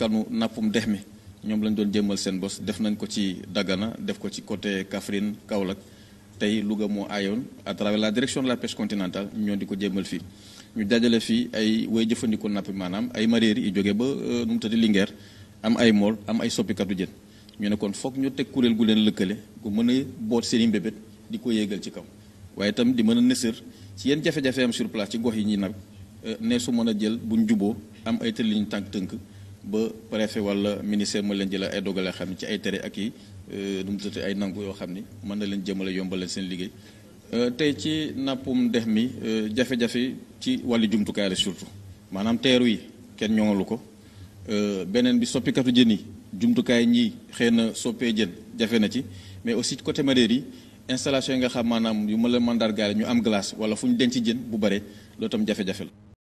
askanu nappum dex mi ñoom lañu doon jëmmal seen bos def nañ ko ci Dagana def ko ci côté Kaffrine Kaolack tey Louga moo ayoon a travers la direction de la pêche continentale ñoo di ko jëmmal fii ñu dajale fii ay way jëfandikoo nappi maanaam ay maréeri yi jóge ba euh, nu mu tëddi Linguère am ay mool am ay soppikatu jën ñu ne kon foog ñu teg kuréel gu leen lëkkale gu mën a boot seen i mbébét di ko yéegal ci kaw waaye itam di mën a nësër ci yenn jafe-jafe am sur place yi ñuy nag euh, ne su mën a jël buñ juboo am ay tëlliñ tànk tënk ba préfet wala ministère ma leen jëla ay dogale xam ne ci ay tere ak i euh, nu mu tuddati ay nangu yoo xam ni mën na leen jëmale yombal leen seen liggéey euh, tey ci nappum dex mi euh, jafe-jafe ci wàllu jumtukaay la surtout maanaam teeru yi kenn ñoŋalu ko beneen bi soppikatu jën yi jumtukaay ñi xëy na soppee jën jafe na ci mais aussi côté madère yi installation yi nga xam maanaam yu ma la mandargaale ñu am glace wala fu ñu denc jën bu bare loolu tam jafe-jafe